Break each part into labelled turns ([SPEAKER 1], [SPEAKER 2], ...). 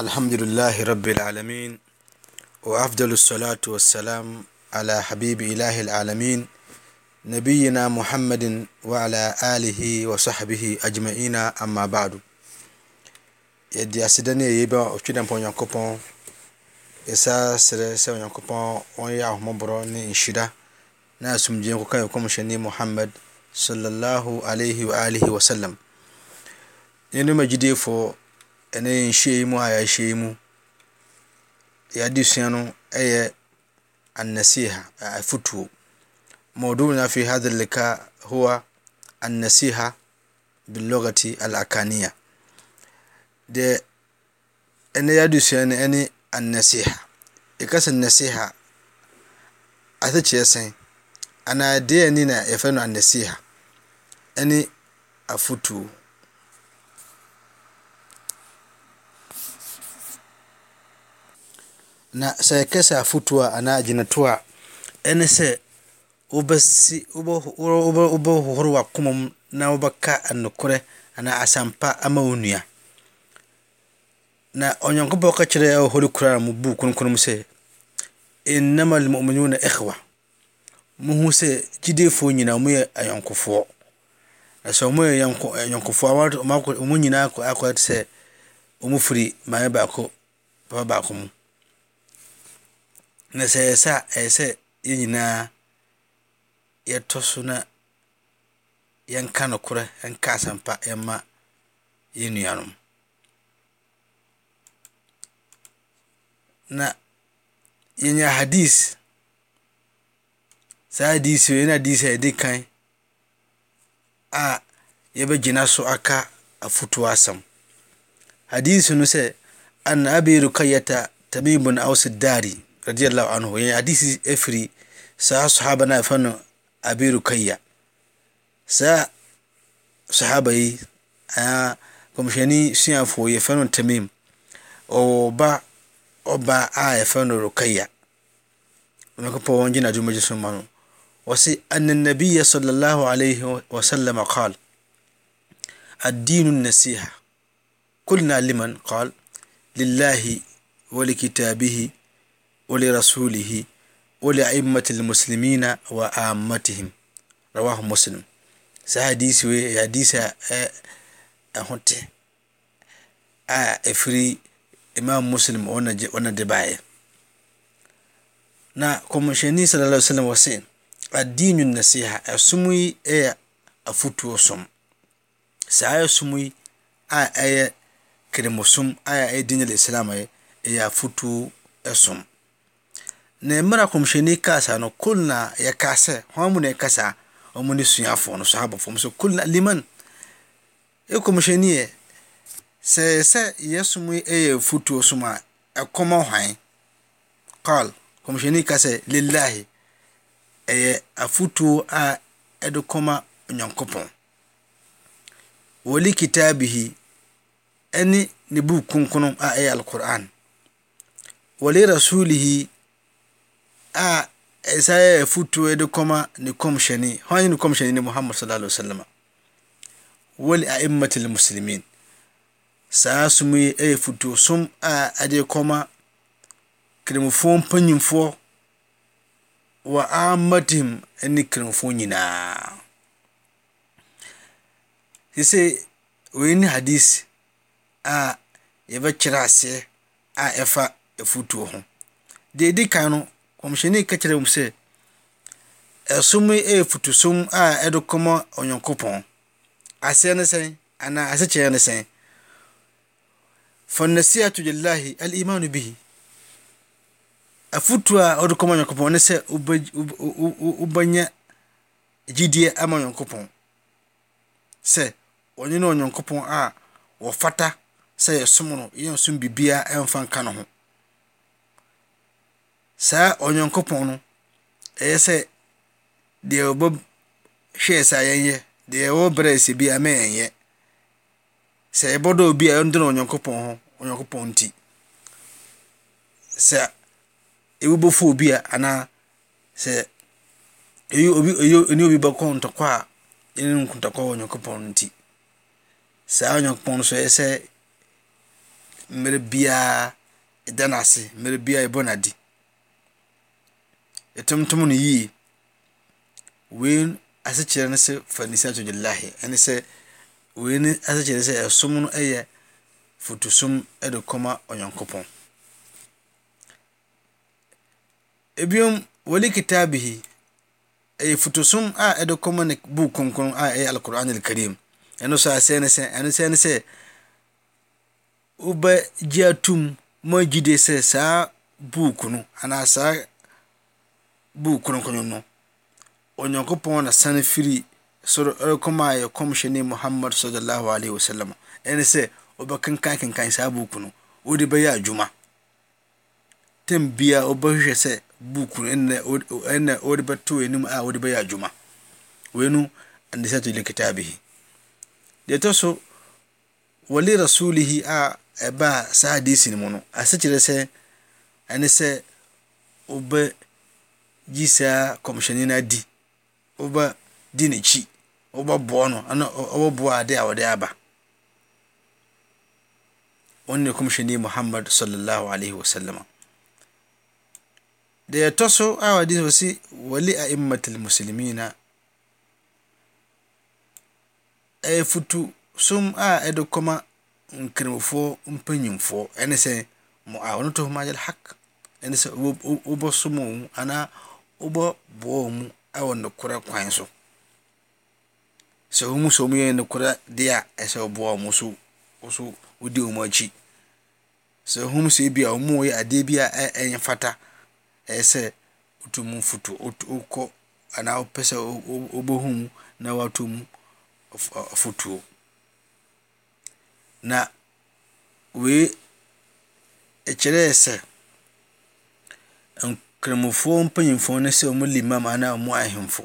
[SPEAKER 1] الحمد لله رب العالمين وأفضل الصلاة والسلام على حبيب إله العالمين نبينا محمد وعلى آله وصحبه أجمعين أما بعد yɛde asedane yɛ bɛ ɔtwi dɛmpa onyankopɔn yɛsa serɛ sɛ onyankopɔn ɔnyɛ ahomɔborɔ ne nhyira na asomdwee nkɔka yɛ kɔmhyɛne muhammad sallallahu alaihi wa alihi wasallam yɛnom agyidiefoɔ ɛne nhyia yi mu a yɛahyia yi mu yɛadi sua no yɛ annasiha afotuo mɔdumu na fi hadha lika huwa annasiha bilogati alakaniya de ɛne yɛadi sua no ɛne annasiha ɛkasa nasiha asekyeɛ sɛn anaadeɛ ani na yɛfɛ no annasiha ɛne afotuo na seekesa futua anaa jinatua enese ubasi uba uba uba huru wa na uba ka anukure ana asampa ama unia na onyankopɔ ka kyerɛ a hori mu bu kronkron mu sɛ innama almu'minuna ikhwa muhu sɛ gyidefoɔ nyinaa mu ayɔnkofoɔ sɛ ɔmo ayɔnkofoɔ a nyinaa akɔ sɛ ɔmo firi maame baako papa baako mu. na sɛ yɛ sɛ a ɛyɛ sɛ yɛn nyinaa yɛtɔ so na yɛnka nokorɛ yɛnka asɛmpa yɛma yɛn nuanom na yɛnya hadis saa hadis wei na hadis a yɛdi kan a yɛbɛgyina so aka afotuo asɛm hadis no sɛ an abi rukayata tamim bin dari رضي الله عنه يعني حديث إفري سا صحابنا فن أبي ركية سا صحابي أنا كمشاني سيافو يفن تميم او أوبا أوبا آ يفن ركية ونكبو وانجينا جمجي سمانو وسي أن النبي صلى الله عليه وسلم قال الدين النسيحة قلنا لمن قال لله ولكتابه ولرسوله ولأئمة المسلمين وآمتهم رواه مسلم saa hadisi wei yɛ hadisi eh, eh, a ɛho te a ɛfiri imam muslim ɔna de baeɛ na kɔmhyɛni sala alai wasalam wɔ se adinu nasiha ɛsom yi yɛ e, afotuo som saa ɛsom yi a ɛyɛ e, kremosom a ɛyɛ e, na mmerɛ akɔmhyɛni kaa saa no kul na yɛka sɛ hɔn mu na ɛka saa ɔmo ne suafoɔ no sahabafoɔ m so kul na liman ɛkɔmhyɛni e yɛ sɛ sɛ yɛsom yɛ futuo som a ɛkɔma hwan kal kɔmhyɛni ka sɛ lillahi ɛyɛ afutuo a ɛde kɔma onyankopɔn wɔli kitabihi ɛne ne buu kronkron a ɛyɛ alquran wɔli rasulihi safotode kɔma nekɛn yɛnne muhaad sa wasalm wele aimatl muslimin saa som ɛ foto so a dekɔma keremfɔ payifoɔ wa amatem ne keremfoɔ nyinaa se se ine hadise a yɛvɛ kyerɛ aseɛ a ɛfa foto ho dedeka n omehyɛni ka kyerɛ m sɛ ɛsom ɛfutosom a ɛdo kɔma onyonkopɔn aseɛne sɛn anaa asekyɛɛne sɛn fa nasiato yilahi alimanu bihi afotu a ɔdo kɔma nyakopɔn ne sɛ wobɛnya gyidie ama nyonkopɔn sɛ ɔnyene onyankopɔn a wɔfata sɛ yɛsom no yɛnsom biribia mfa nka no ho saa onyankopɔn no ɛyɛ sɛ deɛ ɔbɔ hwɛɛ sɛ yɛnyɛ deɛ ɛwɔ berɛ sɛ bi ama yɛnyɛ sɛ yɛbɔdɔ obi a ɛndene onyankopɔn ho onyankopɔn nti sɛ ewu bɛfo obi a anaa sɛ eyi obi eyi eni obi bɛkɔ ntɔkwa a ɛne no ntɔkwa no nti saa onyankopɔn no so ɛyɛ sɛ mmerɛ biara ɛda no mmerɛ biara ɛbɔ no ɛtumtum no yie wei asekyerɛ ne sɛ fanisa to lillahi ɛne sɛ wei ne asekyerɛ sɛ ɛsom no yɛ fotosom de kɔma onyankopɔn ebiom wali kitabihi ɛyɛ fotosom a ɛde kɔma ne buu kronkron a ɛyɛ alquran alkarim ɛno so asɛ ne sɛ ɛno sɛ ne sɛ wobɛgye atom ma gyide sɛ saa buuku no anaa saa buu kronkron no onyankopɔn na sane firi soro ɛrekɔma eh, a yɛ kɔmhyɛne muhammad sallallahu alaihi wasallam ɛne sɛ ɔbɛkenkan kenkan saa buku no wode bɛyɛ adwuma tam bia wobɛhwehwɛ sɛ buku no ɛnɛ wode bɛto anim a wode bɛyɛ adwuma weinu andisatu likitabihi deɛ ɛtɔ so wali rasulihi a ɛbaa saa hadisi no mu no ase kyerɛ sɛ ɛne sɛ wobɛ gye saa kɔmhyɛni no adi woba di n'akyi wobɛboa no ana wobɛboa ade a wɔde aba ɔne kɔmhyɛni muhammad sallallahu alaihi wasallam da ya so a wadi wasi wali a immatul musulmina ɛyɛ futu som a ɛde kɔma nkramofoɔ mpanyimfoɔ ɛne sɛ mo a wɔn to jal hak ɛne sɛ wobɔsom wɔn anaa wobɔboaomu ɛwɔ nekora kwan so sɛ hom sɛm yɛnekora deɛa ɛɛsɛ woboaomus wode om akyi sɛ hu sɛbia womɛ adeɛ bia fata ɛɛsɛ wotmna wopɛsɛ obohum na woatm fotuo na e kyerɛɛsɛ Kramofoɔ mpanyimfoɔ no sɛ wɔyɛ imam anaa wɔyɛ ahemfo.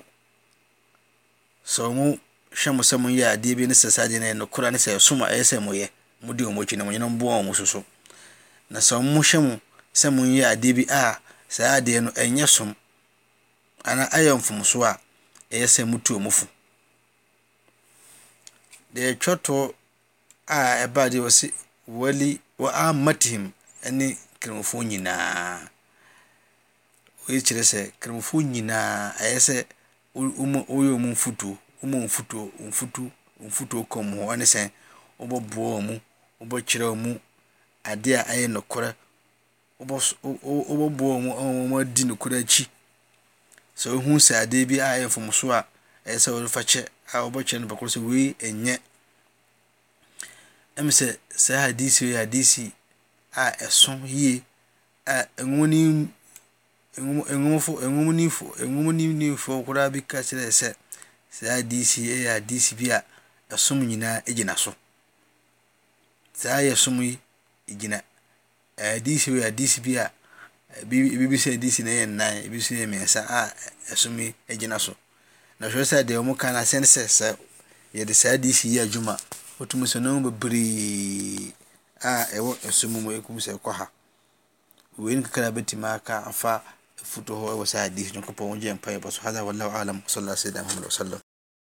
[SPEAKER 1] Sɛ hwɛ mo sɛ yɛ adeɛ bi ne sɛ saa adeɛ no yɛ nokorɛ ne sɛ ɛsom a ɛyɛ sɛ moyɛ, modi wɔn akyi na Onyame bɛboa wɔn nso so. Na sɛ hwɛ mo sɛ yɛ adeɛ bi a saa adeɛ no ɛnyɛ som anaa ayɛ mfomso a, ɛyɛ sɛ motu wɔn fo. Deɛ ɛtwa a ɛbaa deɛ wɔse wali wɔ amatihim ne Kramofoɔ nyinaa. wei kyerɛ sɛ Nkramofoɔ nyinaa ɛyɛ sɛ wɔyɛ wɔn mfutuo, wɔma mfutuo, mfutuo, mfutuo kɔ mu hɔ ɛne sɛ wɔbɛboa wɔn mu, wɔbɛkyerɛ adeɛ a ɛyɛ akyi. Sɛ sɛ adeɛ bi a ɛyɛ mfomsoɔ a ɛsɛ sɛ wɔde kyɛ a sɛ ɛnyɛ. sɛ saa a ɛso yie a ni. nefo koa bikasɛsɛ saɛsbia ɛsom yinaa gyina so saa yɛ somi inasssɛnmissom inaso hsɛdem kaasɛnesɛɛyɛde sa desi adwuma wtum sɛnobɛbere ɛwɔ sommusɛɛkɔha wein kekra bɛtimika fa futo ho wa sa'a hadisi jonka pamoja ya mpaya paso hadha wallahu alam sallallahu alaihi wasallam